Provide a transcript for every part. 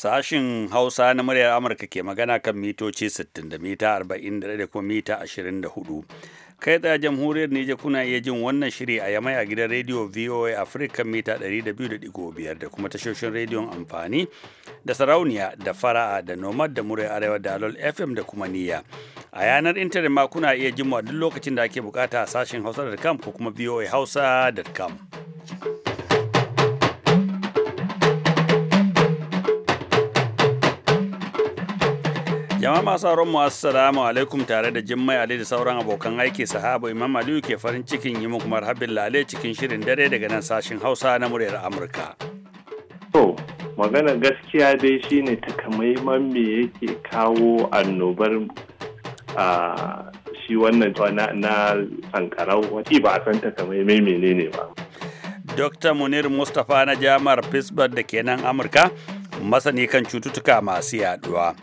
Sashin Hausa na muryar Amurka ke magana kan mitoci 60 da mita 41 da kuma mita 24. Kai tsaye jamhuriyar Nijar kuna iya jin wannan shiri a yamai a gidan rediyo VOA Africa mita 200.5 da kuma tashoshin rediyon amfani da sarauniya da fara'a da nomad da muryar arewa da alol FM da kuma niyya. A yanar intanet ma kuna iya jin duk lokacin da ake bukata a sashin hausa.com ko kuma voa hausa.com Jama'a masu mu assalamu alaikum tare da Jimmai Ali da sauran abokan aiki sahaba Imam Aliyu ke farin cikin yi muku marhabin lale cikin shirin dare daga nan sashin Hausa na muryar Amurka. To, magana gaskiya dai shine takamaiman me yake kawo annobar a shi wannan na sankarau wati ba a san takamaiman menene ba. Dr. Munir Mustapha na jami'ar Pittsburgh da ke nan Amurka masani kan cututtuka masu yaduwa.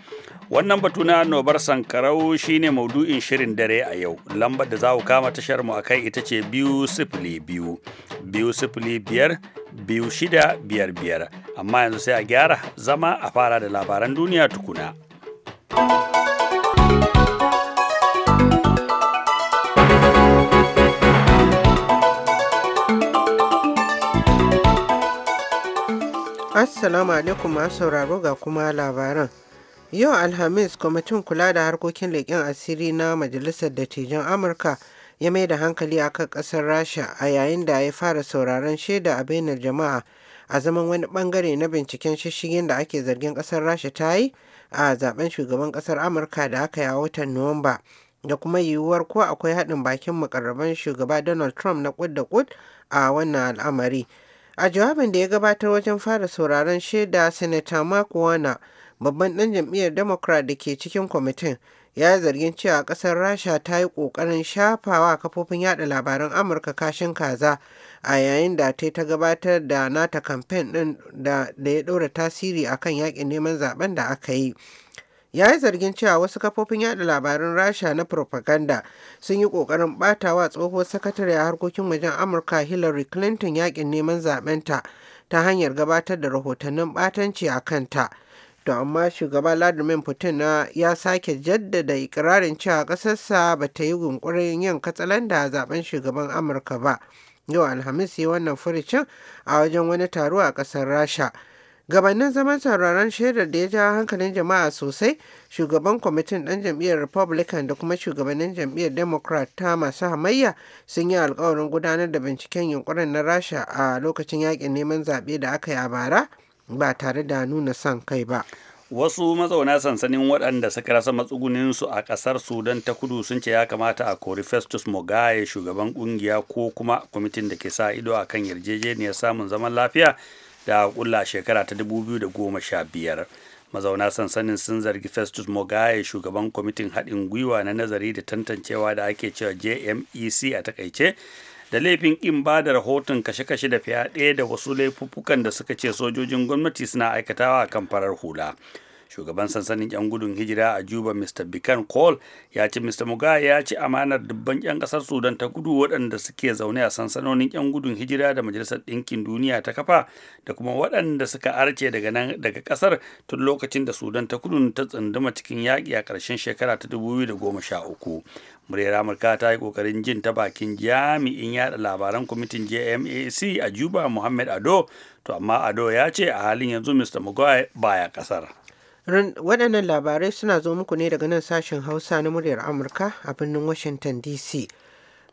Wannan batu na nobar sankarau shine maudu'in shirin dare a yau. Lambar da za ku kama tashar mu akai ita ce biyu sifili biyu, biyu sifili biyar, biyu shida biyar biyar. Amma yanzu sai a gyara zama a fara da labaran duniya tukuna. Assalamu alaikum masu sauraro ga kuma labaran. Yau Alhamis, Kwamitin Kula da Harkokin Leƙen Asiri na Majalisar Dattijan Amurka ya mai da hankali a kan ƙasar Rasha a yayin da ya fara sauraron shaida a bainar jama'a a zaman wani bangare na binciken shishigin da ake zargin ƙasar Rasha ta yi a zaben shugaban ƙasar Amurka da aka yi a watan Nuwamba. da kuma yiwuwar ko akwai haɗin bakin mukarraban shugaba Donald Trump na kud da kud a wannan al'amari. A jawabin da ya gabatar wajen fara sauraron shaida Senator Mark Warner babban ɗan jam'iyyar democrat da ke cikin kwamitin ya yi zargin cewa ƙasar rasha ta yi ƙoƙarin shafawa kafofin yada labaran amurka kashin kaza a yayin da ta ta gabatar da nata kamfen ɗin da ya ɗora tasiri a kan yaƙin neman zaben da aka yi ya yi zargin cewa wasu kafofin yada labaran rasha na propaganda sun yi kokarin batawa tsohuwar sakatare a harkokin wajen amurka hillary clinton yaƙin neman zabenta ta hanyar gabatar da rahotannin batanci a kanta to amma shugaba Vladimir Putin na ya sake jaddada ikirarin cewa ƙasarsa ba ta yi gunkurin yin katsalan da zaben shugaban Amurka ba. Yau Alhamis yi wannan furucin a wajen wani taro a ƙasar Rasha. Gabanin zaman sauraron shaidar da ya ja hankalin jama'a sosai, shugaban kwamitin ɗan jam'iyyar Republican da kuma shugabannin jam'iyyar Democrat ta masu hamayya sun yi alkawarin gudanar da binciken yunkurin na Rasha a lokacin yaƙin neman zaɓe da aka yi a bara. ba tare da nuna son kai ba wasu mazauna sansanin waɗanda suka rasa su a ƙasar sudan ta kudu sun ce ya kamata a kori festus mogaye shugaban ƙungiya ko kuma kwamitin da ke sa ido a kan yarjejeniyar samun zaman lafiya da kulla shekara ta 2015 mazauna sansanin sun zargi festus mogaye shugaban kwamitin haɗin gwiwa na nazari da tantancewa da ake cewa jmec a takaice da laifin ƙin ba da rahoton kashe-kashe da fyaɗe da wasu laifuffukan da suka ce sojojin gwamnati suna aikatawa a kan farar hula shugaban sansanin 'yan gudun hijira a juba mr bikan cole ya ce mr mugabe ya ci amanar dubban 'yan kasar sudan ta kudu waɗanda suke zaune a sansanonin 'yan gudun hijira da majalisar ɗinkin duniya ta kafa da kuma waɗanda suka arce daga nan daga kasar tun lokacin da sudan ta kudu ta tsunduma cikin yaƙi a ƙarshen shekara ta 2013 muryar amurka ta yi kokarin jin ta bakin jami'in yada labaran kwamitin jmac a juba muhammad ado to amma ado ya ce a halin yanzu mr mugabe baya kasar Waɗannan labarai suna zo muku ne daga nan sashen Hausa na muryar Amurka a birnin Washington DC.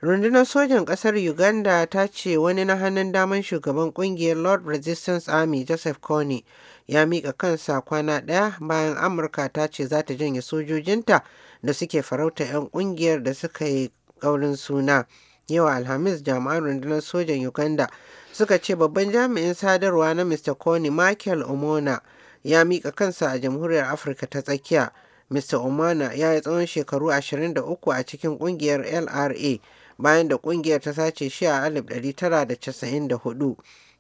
Rundunar sojan ƙasar Uganda ta ce wani na hannun daman shugaban ƙungiyar Lord Resistance Army Joseph Kony ya miƙa kansa kwana ɗaya bayan Amurka ta ce za ta janye sojojinta da suke farauta 'yan ƙungiyar da suka yi ƙaurin suna. Yau Alhamis jami'an rundunar sojan Uganda suka ce babban jami'in sadarwa na Mr. Kony Michael Omona ya mika kansa a jamhuriyar afirka ta tsakiya mr omana ya yi tsawon shekaru 23 a cikin ƙungiyar lra bayan da ƙungiyar ta sace shi a 1994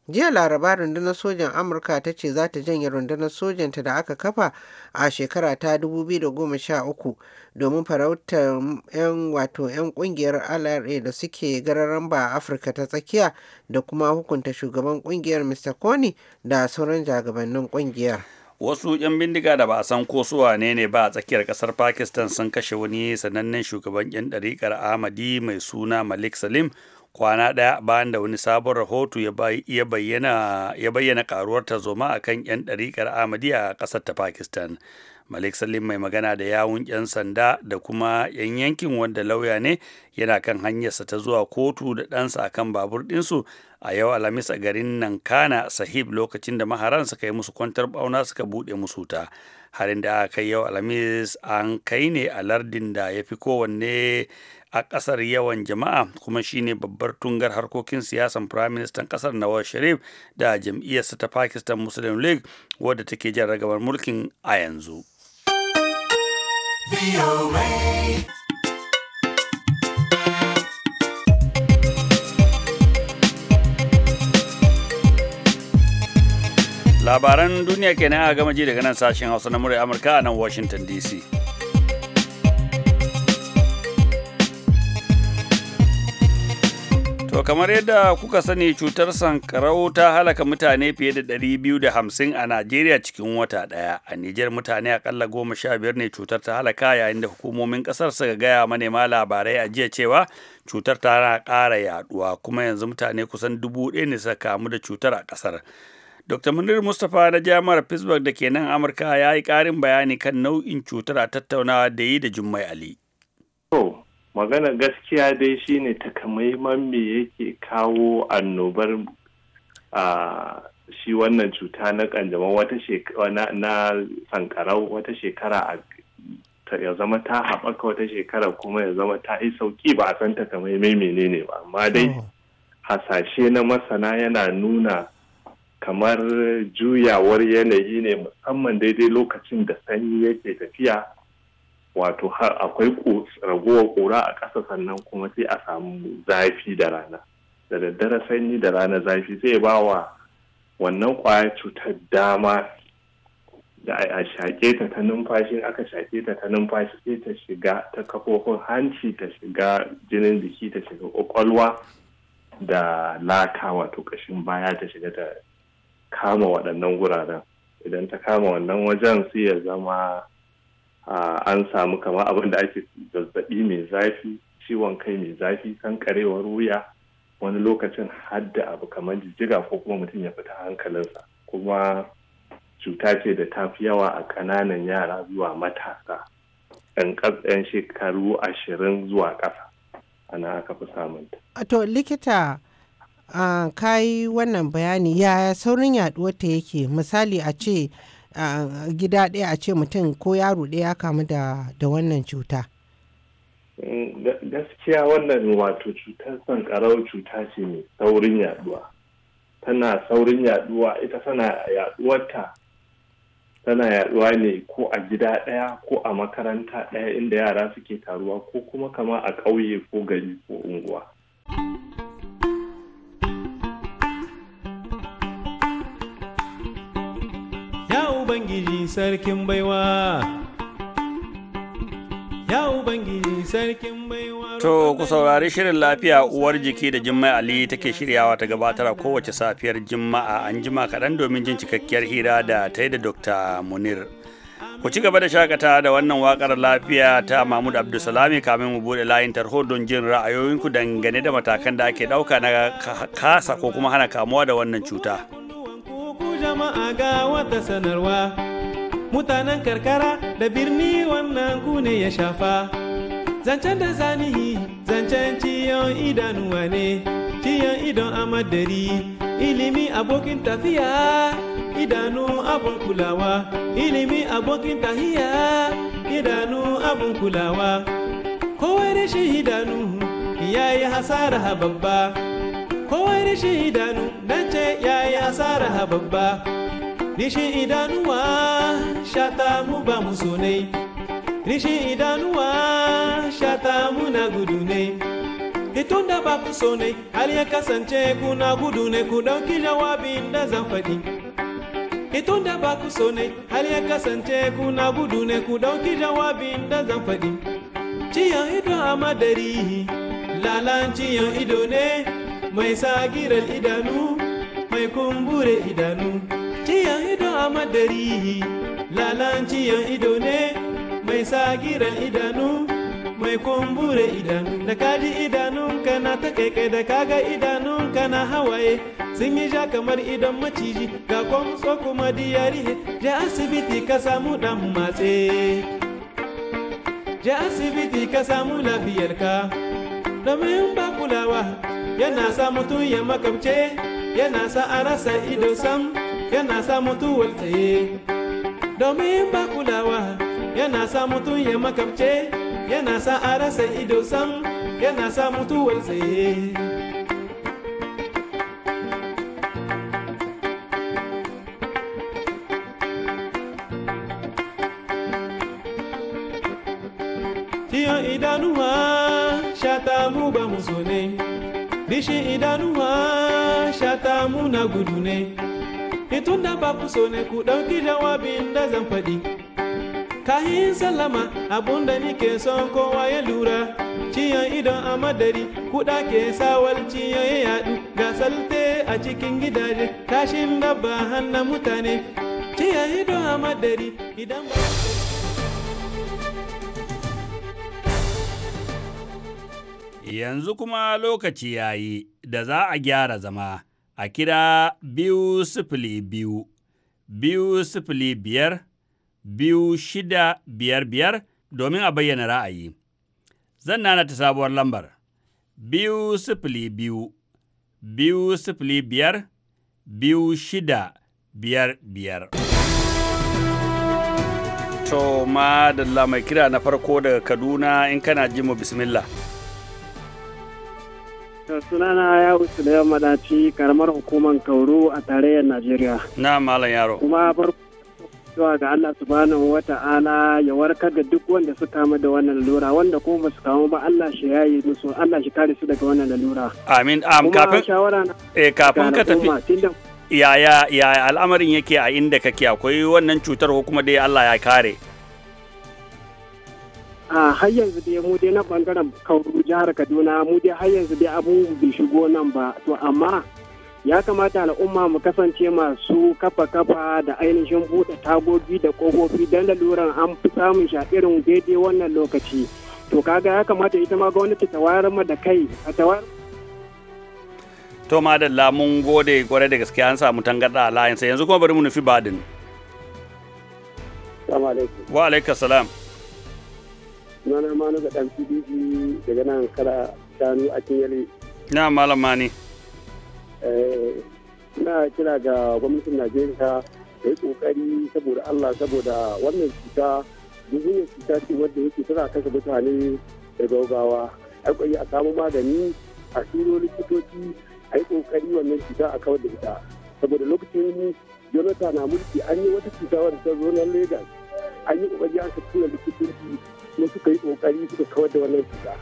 jiya laraba rundunar sojan amurka ta ce za ta janye rundunar sojanta da aka kafa a shekara ta 2013 domin farautar 'yan wato 'yan kungiyar lra da suke gararan ba afirka ta tsakiya da kuma hukunta shugaban kungiyar mr coney da sauran jagabannin kungiyar wasu 'yan bindiga da ba san ko su ne ba a tsakiyar kasar pakistan sun kashe wani sanannen shugaban 'yan ɗariƙar ahmadi mai suna malik salim kwana ɗaya bayan da wani sabon rahoto ya bayyana karuwar tarzoma a kan 'yan ɗariƙar amadiya a ƙasar ta pakistan malik salim mai magana da yawun 'yan sanda da kuma 'yan yankin wanda lauya ne yana kan hanyarsa ta zuwa kotu da ɗansa akan babur ɗinsu a yau alhamis a garin nankana sahib lokacin da maharan suka yi musu kwantar bauna suka buɗe musu ta harin da aka kai yau alhamis an kai ne a lardin da ya fi kowanne a ƙasar yawan jama'a kuma shine babbar tungar harkokin siyasan firaministan ƙasar nawaz sharif da jam'iyyarsa ta pakistan muslim league wadda take jan ragamar mulkin a yanzu. labaran duniya kenan a gama ji daga nan sashen hausa na murya amurka a nan washington dc To kamar yadda kuka sani cutar sankarau ta halaka mutane fiye da 250 a Najeriya cikin wata daya A Nijar mutane akalla goma sha biyar ne cutar ta halaka yayin da hukumomin ƙasar suka gaya manema labarai a jiya cewa cutar ta na kara yaduwa kuma yanzu mutane kusan dubu ɗaya ne suka kamu da cutar a kasar. Dr. Munir Mustapha na jami'ar Pittsburgh da ke nan Amurka ya yi ƙarin bayani kan nau'in cutar a tattaunawa da yi da Jummai Ali. To, magana gaskiya dai shine takamaiman me yake kawo annobar a shi wannan cuta na kanjamau wata shekara na sankarau wata shekara ya zama ta haɓaka wata shekara kuma ya zama ta yi sauki ba a san takamaiman menene ba amma dai oh. hasashe na masana yana nuna kamar juyawar yanayi ne musamman daidai lokacin da sanyi yake tafiya wato har akwai ragowar kura a ƙasa sannan kuma sai a samu zafi da rana da daddare sanyi da rana zafi zai ba wa wannan kwaya cutar dama da a shaƙe ta ta numfashi aka shaƙe ta ta numfashi sai ta shiga ta kafofin hanci ta shiga jinin jiki ta shiga kwakwalwa da laka wato ƙashin baya ta shiga ta kama waɗannan guraren idan ta kama wannan wajen sai ya zama an samu kama abin da ake zazzaɓi mai zafi ciwon kai mai zafi kankarewar wuya wani lokacin hadda abu kamar jijjiga ko kuma mutum ya fita hankalinsa kuma cuta ce da ta fi yawa a ƙananan yara zuwa matasa Ɗan 'yan shekaru ashirin zuwa ƙasa ana aka fi samunta. to likita uh, ka yi wannan bayani yaya saurin yaduwar ta yake misali a ce uh, gida ɗaya a ce mutum ko yaro ɗaya ya kamu da, da wannan cuta mm, gaskiya wannan wato cutar sankarau cuta ce mai saurin yaduwa tana saurin yaduwa ita tana yaduwarta tana yaduwa ne ko a gida ɗaya ko a makaranta ɗaya inda yara suke taruwa ko kuma kama a ƙauye ko gari ko unguwa Ubangiji sarkin baiwa. Ya Ubangiji sarkin baiwa. To, ku saurari shirin lafiya uwar jiki da Jummai Ali take shiryawa ta gabatar a kowace safiyar Juma'a an jima kaɗan domin jin cikakkiyar hira da ta yi da Dr. Munir. Ku ci gaba da shakata da wannan wakar lafiya ta Mahmud Abdulsalami kamin mu bude layin tarho don jin ra'ayoyinku dangane da matakan da ake ɗauka na kasa ko kuma hana kamuwa da wannan cuta. jama'a ga wata sanarwa, mutanen karkara da birni wannan ku ya shafa. Zancen da zanihi, zancen ciyon idanuwa ne, ciyon idon amadari, ilimi abokin tafiya, idanu abun kulawa, ilimi abokin tahiya, idanu abun kulawa. Kowai rashin idanu, ya yi hasara babba. kowai rishi idanu nan ce yaya tsara hababba rishi idanuwa shata mu ba mu so ne rishi idanuwa shata mu na gudu ne itun da ba ku so ne hal ya kasance na gudu ne ku ɗauki jawabi da zan faɗi itun da ba ku so ne hal ya kasance na gudu ne ku ɗauki jawabi da zan faɗi ciyan ido a madari lalan ciyan ido ne mai sagirar idanu mai kumbure idanu ciyan ido a madari lalan ido ne mai sagirar idanu mai kumbure idanu da kaji idanunka na ta kai-kai. da kaga idanunka na hawaye sun yi ja kamar idan maciji ga kwamso kuma diyarihe je asibiti ka samu dan matse je asibiti ka samu lafiyarka domin ba kulawa yana sa mutum ya makamce yana sa a rasa ido sam yana sa mutuwar waltaye domin ba kulawa yana sa mutum ya makamce yana sa a rasa ido sam yana sa mutuwar tsaye Rishin idanuwa shata muna gudu ne, itun da ba so ne ku ɗauki jawabin da zan faɗi. Kahin sallama abun da nike son kowa ya lura, ciyan idan a madari kuɗa ke sawal ciyan ya yaɗu, ga salte a cikin gidaje, kashin dabba hannun mutane, ciyan idan a madari idan ba Yanzu kuma lokaci ya yi da za a gyara zama a kira biyu sifili biyu, biyu sifili biyar, biyu shida biyar biyar domin a bayyana ra'ayi. Zan nana ta sabuwar lambar biyu sifili biyu, biyu sifili biyar, biyu shida biyar biyar. To, ma da mai kira na farko daga Kaduna in kana ji mu bismillah. To sunana ya wuce da yawan madaci karamar hukumar Kauru a tarayyar Najeriya. Na malam yaro. Kuma bar zuwa ga Allah subhanahu wa ta'ala ya warkar da duk wanda su kamu da wannan lalura wanda kuma ba su kamu ba Allah shi ya yi musu Allah shi kare su daga wannan lalura. Amin. Am kafin eh kafin ka tafi. Yaya yaya al'amarin yake a inda kake akwai wannan cutar ko kuma dai Allah ya kare. har yanzu dai mu dai na bangaren kauru jihar kaduna mu dai har yanzu dai abubuwan bai shigo nan ba to amma ya kamata al'umma mu kasance masu kafa kafa da ainihin buɗe tagogi da ƙofofi don laluran an fi samun shi a irin daidai wannan lokaci to kaga ya kamata ita ma gwamnati ta wayar ma da kai a tawar to madalla mun gode kwarai da gaske an samu tangarda a layin sai yanzu kuma bari mu nufi badin wa alaikum salam sunana ma ga dan pdp daga nan kara shanu a yare. na malama ne eh, na kira ga gwamnatin najeriya da yi kokari saboda allah saboda wannan cuta duniya cuta ce wadda yake tana kashe mutane da gaugawa akwai a samu magani a turo likitoci a yi kokari wannan cuta a kawar da ita saboda lokacin jonathan na mulki an yi wata cuta wadda ta zo na lagos an yi kokari an tura likitoci kuma suka yi kokari suka kawar da wannan cuta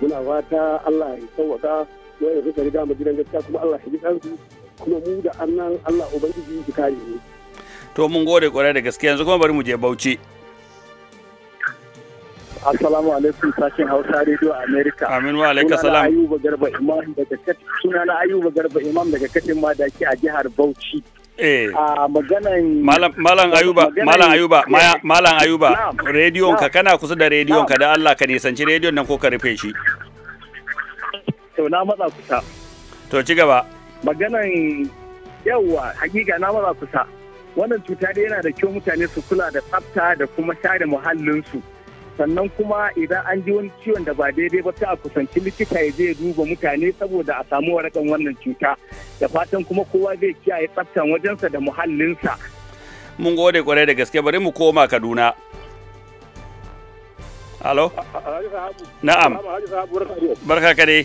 muna fata Allah ya sauwaka yanzu suka riga mu gidan gaskiya kuma Allah ya ji kansu kuma mu da annan Allah ubangiji ya kare mu to mun gode kwarai da gaskiya yanzu kuma bari mu je Bauchi Assalamu alaikum sashen Hausa Radio America. Amin wa alaika salam. Ayuba Garba Imam daga Sunana Ayuba Garba Imam daga Katin Madaki a jihar Bauchi. Eh. malam ayuba malam ayuba eh. malam ayuba rediyon ka kana kusa da rediyon ka da Allah ka nisanci rediyon nan ko ka rufe shi to na matsa kusa to ci gaba maganan yawwa hakika na matsa kusa wannan cuta dai yana da kyau mutane su kula da tsafta da kuma share muhallinsu su sannan kuma idan an ji wani ciwon da ba daidai ba ta a kusanci likita ya je duba mutane saboda a samu warakan wannan cuta da fatan kuma kowa zai kiyaye tsaftan wajensa da muhallinsa mun gode kwarai da gaske bari mu koma kaduna Halo? Na'am. Barka ka dai.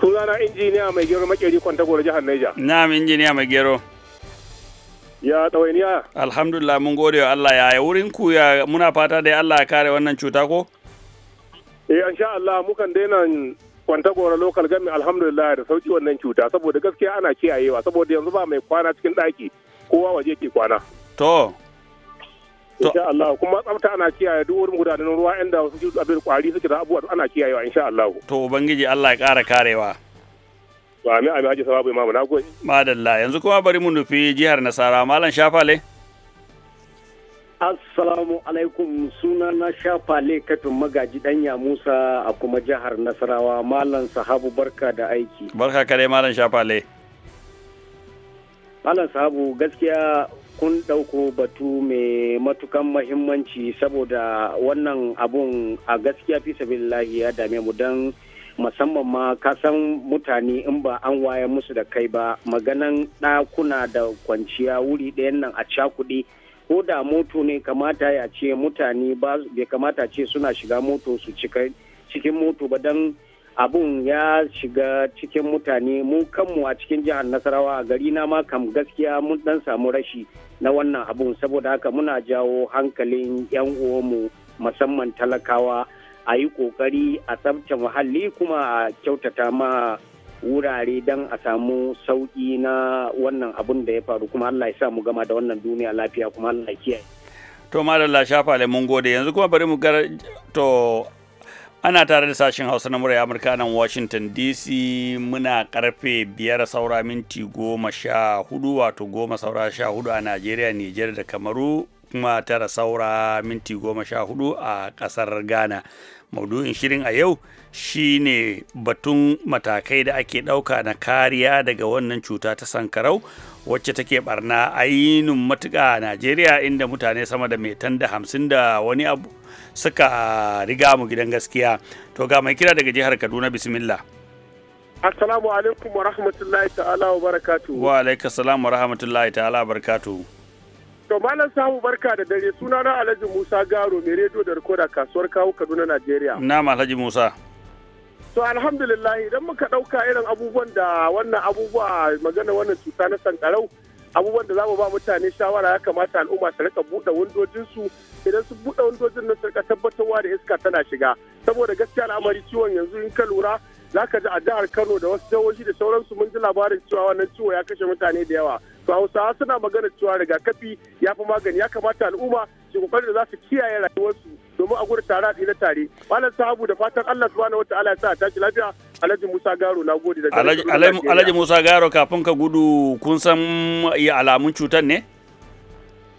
Sunana injiniya mai gero makeri kwanta gora jihar Niger. Na'am injiniya mai gero. Ya ɗawainiya. Alhamdulillah mun gode wa Allah ya wurin ku ya muna fata da Allah ya kare wannan cuta ko? Eh an sha Allah mukan daina kwanta gora local gami alhamdulillah da sauki wannan cuta saboda gaskiya ana kiyayewa saboda yanzu ba mai kwana cikin ɗaki kowa waje ke kwana. To. insha Allah kuma tsafta ana kiyaye duk wurin gudanar ruwa inda wasu abin kwari suke da abubuwa ana kiyayewa insha Allah to ubangiji Allah ya kara karewa To amin amin ake sababu imamu na gode. Madalla yanzu kuma bari mu nufi jihar Nasara Malam Shafale. Assalamu alaikum suna na Shafale katin magaji danya Musa a kuma jihar Nasarawa Malam Sahabu barka da aiki. Barka kare Malam Shafale. Malam Sahabu gaskiya kun ɗauko batu mai matukan mahimmanci saboda wannan abun a gaskiya fi sabi ya dame mu don musamman ma kasan mutane in ba an waye musu da kai ba maganan ɗakuna da kwanciya wuri ɗayan nan a cakuɗe ko da moto ne kamata ya ce mutane ba bai kamata ce suna shiga moto su cikin moto ba don abun ya shiga cikin mutane mu kanmu a cikin jihar nasarawa a gari na ma kam gaskiya mun dan samu rashi na wannan abun saboda haka muna jawo hankalin 'yan uwanmu musamman talakawa a yi kokari a tsabta muhalli kuma a kyautata ma wurare don a samu sauki na wannan abun da ya faru kuma Allah ya sa mu gama da wannan duniya lafiya kuma Allah ya kiyaye. To madalla shafale mun gode yanzu kuma bari mu gar to ana tare da sashen Hausa na murya Amurka nan Washington DC muna karfe biyar saura minti goma wato goma saura a Najeriya, Nijar da Kamaru kuma tara saura minti goma a ƙasar Ghana. maudu'in shirin a yau shine batun matakai da ake ɗauka na kariya daga wannan cuta ta sankarau wacce take barna ainihin matuƙa a najeriya inda mutane sama da metan da hamsin da wani abu suka riga mu gidan gaskiya to ga mai kira daga jihar kaduna bismillah assalamu alaikum wa rahmatullahi ta'ala wa barakatu. wa alaikum wa rahmatullahi ta'ala wa barakatu. To Malam Samu barka da dare suna na Alhaji Musa Garo mai rediyo da rikoda kasuwar kawo Kaduna Najeriya. Na Alhaji Musa. To alhamdulillah idan muka ɗauka irin abubuwan da wannan abubuwa magana wannan cuta na sankarau abubuwan da zamu ba mutane shawara ya kamata al'umma su rika buɗe su idan su buɗe windojin nan su rika tabbatarwa da iska tana shiga saboda gaskiya al'amari ciwon yanzu in ka lura zaka ji a jihar Kano da wasu jihohi da sauransu mun ji labarin cewa wannan ciwo ya kashe mutane da yawa to hausawa suna magana cewa rigakafi ya fi magani ya kamata al'umma su kokarin da za su kiyaye rayuwarsu domin a gudu tara a na tare malam sahabu da fatan allah subhanahu wata ya sa a tashi lafiya alhaji musa garo na gode da alhaji musa garo kafin ka gudu kun san alamun cutar ne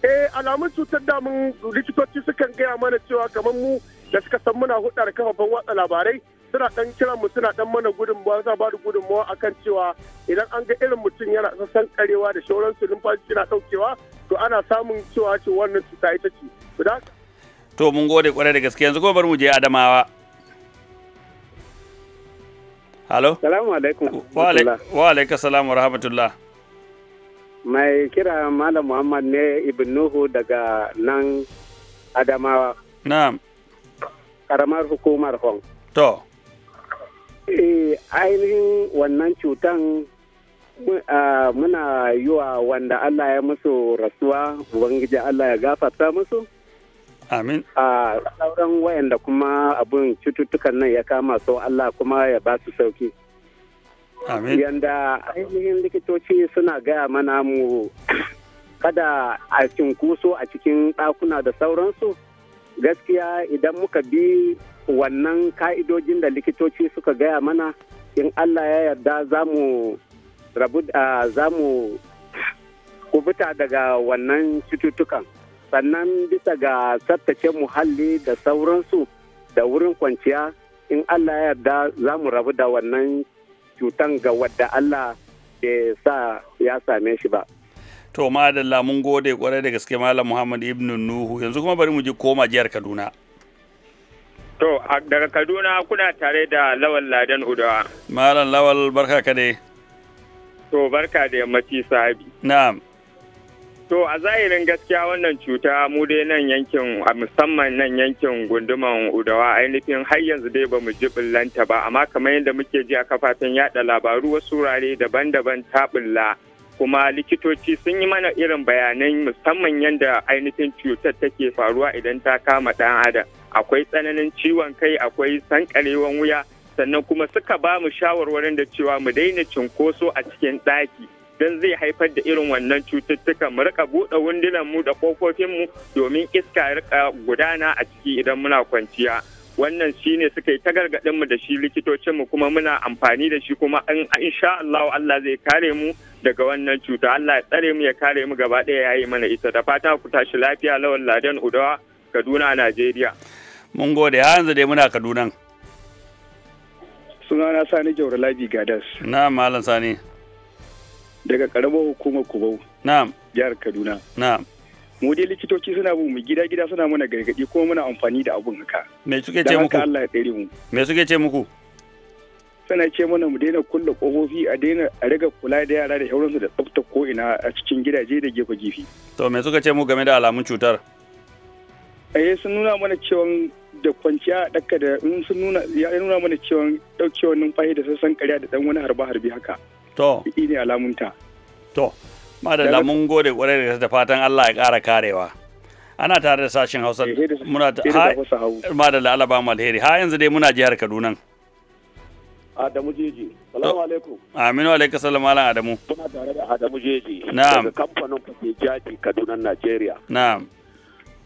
eh alamun cutar da mun likitoci sukan gaya mana cewa kamar mu da suka san muna hudar kafafen watsa labarai suna dan kiran mu suna dan mana ba za ba da mu akan cewa idan an ga irin mutum yana sassan karewa da shauransu numfashi na daukewa to ana samun cewa ce wannan cuta ita ce to mun gode kwarai da gaske yanzu kuma bar mu je adamawa Halo? assalamu alaikum. Wa alaikum assalam wa rahmatullah. Mai kira Malam Muhammad ne Ibn Nuhu daga nan Adamawa. Na'am. Karamar hukumar Hong. To. eh ainihin wannan cutan muna yi wa wanda Allah ya musu rasuwa ubangiji Allah ya gafarta musu amin a sauran wayanda kuma abin cututtukan nan ya kama so Allah kuma ya ba su sauki amin yanda ainihin likitoci suna gaya mana mu kada a cinkuso a cikin ɗakuna da sauransu gaskiya idan muka bi wannan ka'idojin da likitoci suka gaya mana in Allah ya yarda za mu kubuta daga wannan cututtukan sannan bisa ga tsaftace muhalli da sauransu da wurin kwanciya in Allah ya yarda za mu rabu da wannan cutan ga wadda Allah bai sa ya same shi ba. To madalla mun gode kwarai da gaske Malam Muhammad Ibn Nuhu yanzu kuma bari mu ji koma jihar Kaduna. To, daga Kaduna kuna tare da Lawal Ladan Udawa. Malam Lawal barka ka dai. To, barka da yammaci sahabi. Na'am. To, a zahirin gaskiya wannan cuta mu dai nan yankin, a musamman nan yankin gunduman Udawa ainihin har yanzu dai ba mu lanta ba, amma kamar yadda muke ji a kafafen yada labaru wasu wurare daban-daban ta bulla. kuma likitoci sun yi mana irin bayanan musamman yadda ainihin cutar take faruwa idan ta kama ɗan adam. akwai tsananin ciwon kai akwai sankarewan wuya sannan kuma suka ba mu shawarwarin da cewa mu daina cinkoso a cikin ɗaki don zai haifar da irin wannan cututtuka mu rika buɗe wundunan mu da kofofinmu domin iska rika gudana a ciki idan muna kwanciya wannan shine suka yi ta gargaɗin mu da shi likitocin mu kuma muna amfani da shi kuma in insha Allah Allah zai kare mu daga wannan cuta Allah ya tsare mu ya kare mu gaba ɗaya yayi mana ita da fata ku tashi lafiya lawan ladan udawa Kaduna Najeriya mun gode yanzu dai muna kaduna sunana sani jaura labi gadas na'am malam sani daga karamar hukumar kubau na'am jihar kaduna na'am mu dai likitoci suna mu gida gida suna mana gargadi kuma muna amfani da abun haka me suke ce muku Allah ya tsare mu me suke ce muku sana ce mana mu daina kulle kofofi a daina a riga kula da yara da sauransu da tsafta ko ina a cikin gidaje da gefe gefe to me suka ce mu game da alamun cutar eh sun nuna mana cewa da kwanciya daka da in sun nuna ya nuna mana cewa daukewar numfashi da sassan karya da dan wani harba harbi haka to shi ne alamunta to madalla mun gode kwarai da fatan Allah ya kara karewa ana tare da sashen Hausa eh, muna madalla Allah ba mu alheri ha yanzu dai muna jihar Kaduna Adamu Jeji. Salamu alaikum. Aminu alaikum salam malam Adamu. Muna tare da Adamu Jeji. Na'am. Daga kamfanin jaji Kaduna Najeriya. Na'am.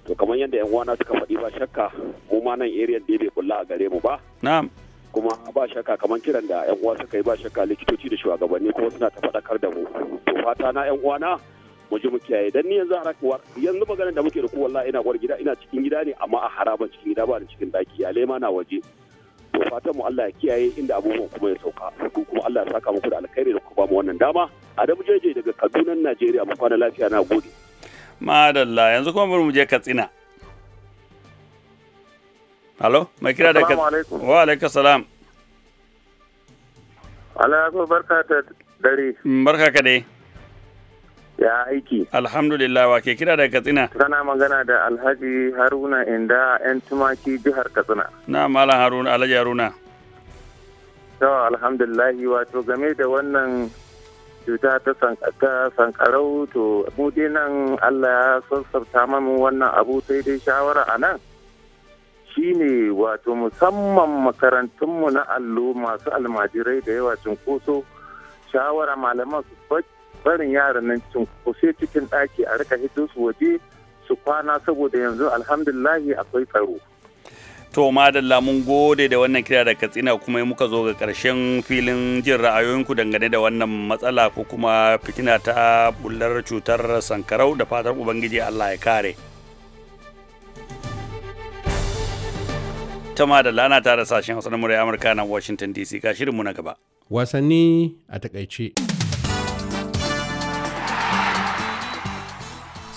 to kamar yadda yan uwana suka faɗi ba shakka mu ma nan area da bai kulla a gare mu ba na'am kuma ba shakka kamar kiran da yan uwa suka yi ba shakka likitoci da shugabanni kuma suna ta faɗakar da mu to fata na yan uwana mu ji mu kiyaye dan ni yanzu harakuwar yanzu maganar da muke da ku wallahi ina gwar gida ina cikin gida ne amma a haraban cikin gida ba ni cikin daki ya lema na waje to fatan mu Allah ya kiyaye inda abubuwan kuma ya sauka ku kuma Allah ya saka muku da alkhairi da ku ba mu wannan dama Adamu Jeje daga Kaduna Najeriya mu kwana lafiya na gode madalla yanzu kuma bari mu je katsina halo mai kira da katsina wa alaikum salam alaikum barka ta dare mm, barka ka dai ya aiki alhamdulillah wa ke kira da katsina kana magana da alhaji haruna inda yan tumaki jihar katsina na malam haruna alhaji haruna to alhamdulillah wato game da wannan cuta ta sankarau to mu dai nan Allah ya sassauta mamu wannan abu sai dai shawara a nan shi ne wato musamman makarantunmu na allo masu almajirai da yawa cinkoso shawara malaman su barin yaran nan cinkoso cikin ɗaki a rika hito su waje su kwana saboda yanzu alhamdulahi akwai tsaro. To madalla mun gode da wannan kira da katsina kuma muka zo ga karshen filin jin ra'ayoyinku dangane da wannan matsala ko kuma fitina ta bullar cutar sankarau da fatar Ubangiji Allah ya kare. Ta madalla na tara sashen hausa na murai Amurka nan Washington DC ga shirinmu na gaba. Wasanni a takaice.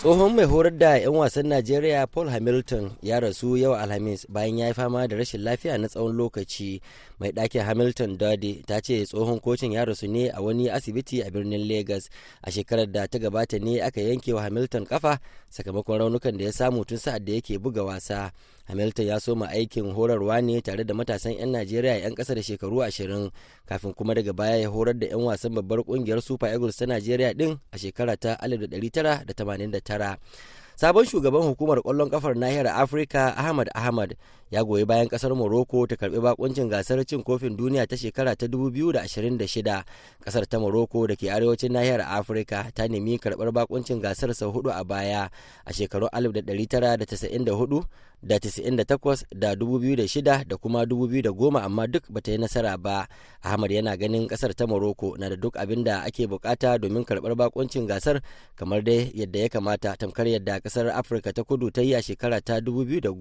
tsohon mai horar da 'yan wasan najeriya paul hamilton ya rasu yau alhamis bayan ya yi fama da rashin lafiya na tsawon lokaci mai ɗakin hamilton dade ta ce tsohon kocin ya rasu ne a wani asibiti a birnin Legas. a shekarar da ta gabata ne aka yanke wa hamilton kafa sakamakon raunukan da ya samu tun sa'ad da yake buga wasa hamilton ya soma aikin horarwa ne tare da matasan 'yan najeriya 'yan ƙasa da shekaru 20 kafin kuma daga baya ya horar da 'yan wasan babbar kungiyar super eagles ta najeriya din a shekara ta 1989 sabon shugaban hukumar kwallon kafar nahiyar afirka ahmad ahmad ya goyi bayan kasar morocco ta karbi bakuncin gasar cin kofin duniya ta shekara ta 2026 kasar ta morocco da ke arewacin nahiyar afirka ta nemi karbar bakuncin gasar sau hudu a baya a shekaru 1994 da 98 da 2006 da kuma 2010 amma duk ba ta yi nasara ba ahmad yana ganin kasar ta morocco na da duk abin da ake bukata domin karbar bakoncin gasar kamar dai yadda ya kamata tamkar yadda kasar afirka ta kudu ta yi a shekara ta 2010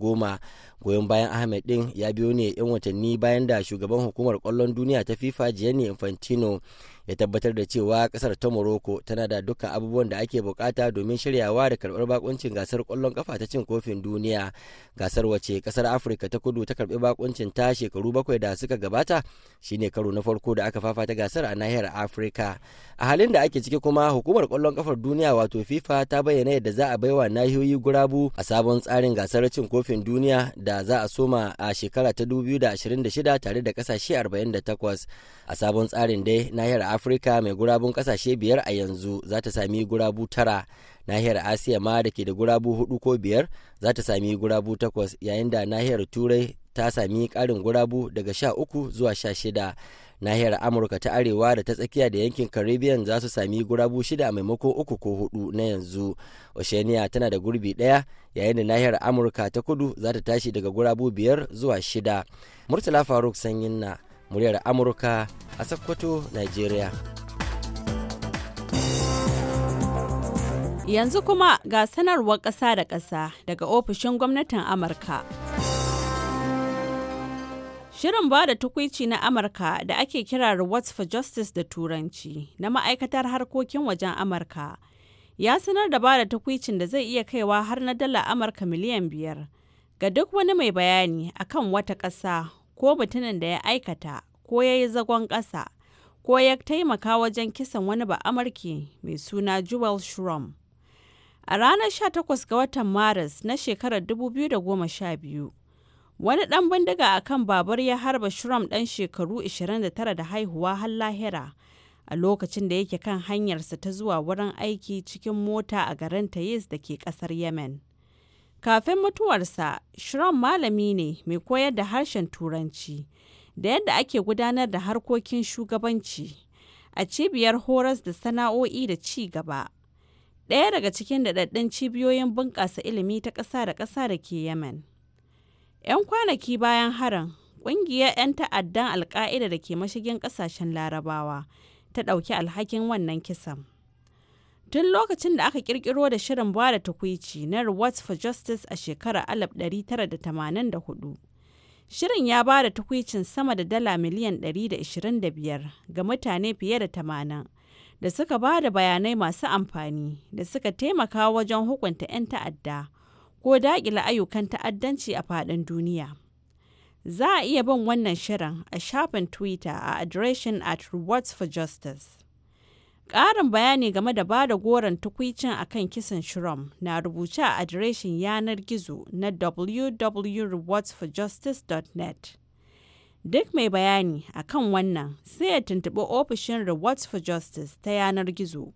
goyon bayan ahmad din ya biyo ne yan watanni bayan da shugaban hukumar kwallon duniya ta fifa gianni infantino ya tabbatar da cewa kasar ta morocco tana da dukkan abubuwan da ake bukata domin shiryawa da karbar bakuncin gasar kwallon kafa ta cin kofin duniya gasar wace kasar afirka ta kudu ta karbi bakuncin ta shekaru bakwai da suka gabata shine karo na farko da aka fafata gasar a nahiyar afirka a halin da ake ciki kuma hukumar kwallon kafar duniya wato fifa ta bayyana yadda za a baiwa nahiyoyi gurabu a sabon tsarin gasar cin kofin duniya da za a soma a shekara ta 2026 tare da kasashe 48 a sabon tsarin dai nahiyar afirka mai gurabun kasashe biyar a yanzu za ta sami gurabu tara nahiyar asiya ma da ke da gurabu hudu ko biyar za ta sami gurabu takwas yayin da nahiyar turai ta sami karin gurabu daga sha uku zuwa sha shida nahiyar amurka ta arewa da ta tsakiya da yankin caribbean za su sami gurabu shida maimako uku ko hudu na yanzu oceania tana da gurbi daya yayin da nahiyar amurka ta kudu za ta tashi daga gurabu biyar zuwa shida murtala faruk sanyin na muryar amurka a sokoto nigeria yanzu kuma ga sanarwar ƙasa da ƙasa daga ofishin gwamnatin amurka Shirin ba da tukwici na Amurka da ake kira Rewards for Justice da Turanci na ma'aikatar harkokin wajen Amurka ya sanar da ba da tukwicin da zai iya kaiwa har na dala Amurka miliyan biyar ga duk wani mai bayani akan wata ƙasa ko mutumin da ya aikata ko ya yi zagon ƙasa ko ya taimaka wajen kisan wani ba'amarki mai suna Jewel Shrum. A ranar 18 ga watan Maris na shekarar 2012, wani ɗan bindiga a kan babur ya harba Shrum ɗan shekaru 29 da haihuwa har lahira a lokacin da yake kan hanyarsa ta zuwa wurin aiki cikin mota a garin Tayis da ke ƙasar Yemen. Kafin mutuwarsa, Shrom malami ne mai koyar da harshen Turanci da yadda ake gudanar da harkokin shugabanci a cibiyar horas da sana'o'i da ci gaba. Ɗaya daga cikin daɗaɗɗen cibiyoyin bunƙasa ilimi ta ƙasa da ƙasa da ke Yemen. 'Yan kwanaki bayan haran ƙungiyar 'yan ta'addan alka'ida da ke mashigin ƙasashen Larabawa ta ɗauki alhakin wannan kisan. Tun lokacin da aka kirkiro da shirin bada takwici na Rewards for Justice a shekarar 1984. Shirin ya ba da takwicin sama da dala miliyan da biyar ga mutane fiye da tamanin, da suka ba da bayanai masu amfani da suka taimaka wajen hukunta 'yan ta'adda ko daƙila ayyukan ta'addanci a faɗin duniya. Za a iya bin wannan shirin a shafin Twitter a Adoration at Rewards for Justice. Ƙarin bayani game da ba da goron tukwicin kan kisan shuram na rubuce a adireshin yanar gizo na www.rewardsforjustice.net. Duk mai bayani a kan wannan sai ya tuntuɓi ofishin Rewards for Justice ta yanar gizo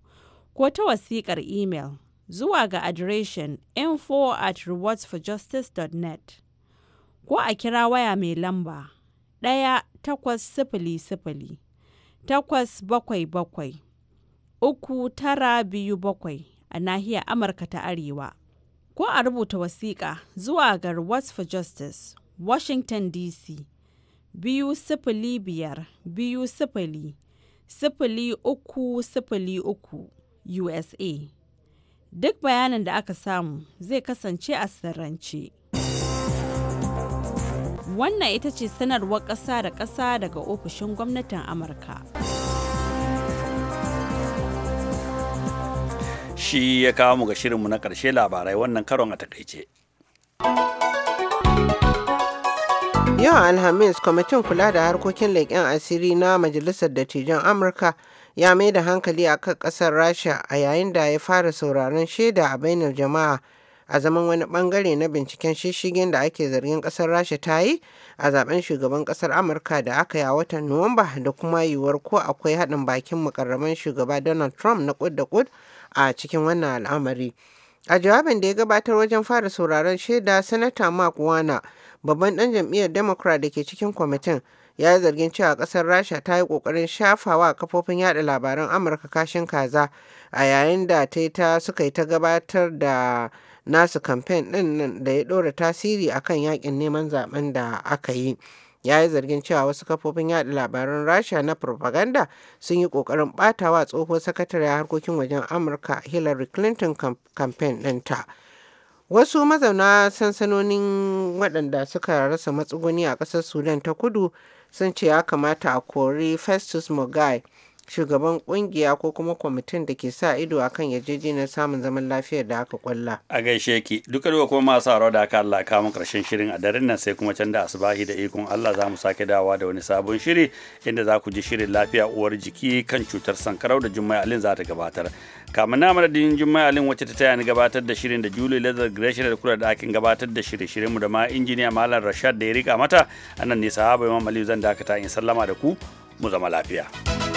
ko ta wasiƙar email zuwa ga adireshin info at rewardsforjustice.net ko a kira waya mai lamba ɗaya takwas sifili sifili takwas bakwai bakwai uku tara biyu bakwai a nahiyar Amurka ta Arewa. Ko a rubuta wasiƙa zuwa ga Rewards for Justice, Washington DC, biyu sifili biyar biyu sifili sifili uku sifili uku USA. Duk bayanin da aka samu zai kasance a sirrance. Wannan ita ce sanarwar ƙasa da ƙasa daga ofishin gwamnatin Amurka. shi ya kawo mu ga shirinmu na ƙarshe labarai wannan karon a takaice. Yau Alhamis, kwamitin kula da harkokin leƙen asiri na Majalisar Dattijan Amurka ya mai da hankali a kan ƙasar Rasha a yayin da ya fara sauraron shaida a bainar jama'a a zaman wani bangare na binciken shishigen da ake zargin ƙasar Rasha ta yi a zaben shugaban ƙasar Amurka da aka yi a watan Nuwamba da kuma yiwuwar ko akwai haɗin bakin mukarraman shugaba Donald Trump na ƙud da ƙud a cikin wannan al'amari. A jawabin da ya gabatar wajen fara sauraron shaida, Sanata Mark Wana, babban ɗan jam'iyyar Democrat da ke cikin kwamitin, ya yi zargin cewa ƙasar Rasha ta yi ƙoƙarin shafawa kafofin yaɗa labaran Amurka kashin kaza a yayin da ta ta suka yi ta gabatar da nasu kamfen ɗin da ya ɗora tasiri akan yakin neman zaben da aka yi. ya yi zargin cewa wasu kafofin yaɗa labaran rasha na propaganda sun yi ƙoƙarin ɓatawa tsohon sakatare harkokin wajen amurka hillary clinton kamfen ɗinta wasu mazauna sansanonin waɗanda suka rasa matsuguni a ƙasar sudan ta kudu sun ce ya kamata a kori festus mogai shugaban kungiya ko kuma kwamitin da ke sa ido akan yarjejeniyar samun zaman lafiyar da aka kwalla. A gaishe ki duka duka kuma masu haro da aka Allah kama karshen shirin a daren nan sai kuma canza da asubahi da ikon Allah za mu sake dawa da wani sabon shiri inda za ku ji shirin lafiya uwar jiki kan cutar sankarau da Jummai Alin za ta gabatar. Kamun na madadin Jummai Alin wacce ta taya ni gabatar da shirin da Julie Lazar Gresham da kula da gabatar da shirin shirinmu da ma injiniya Malam Rashad da ya rika mata a anan ne sahaba Imam Aliyu zan dakata in sallama da ku mu zama lafiya.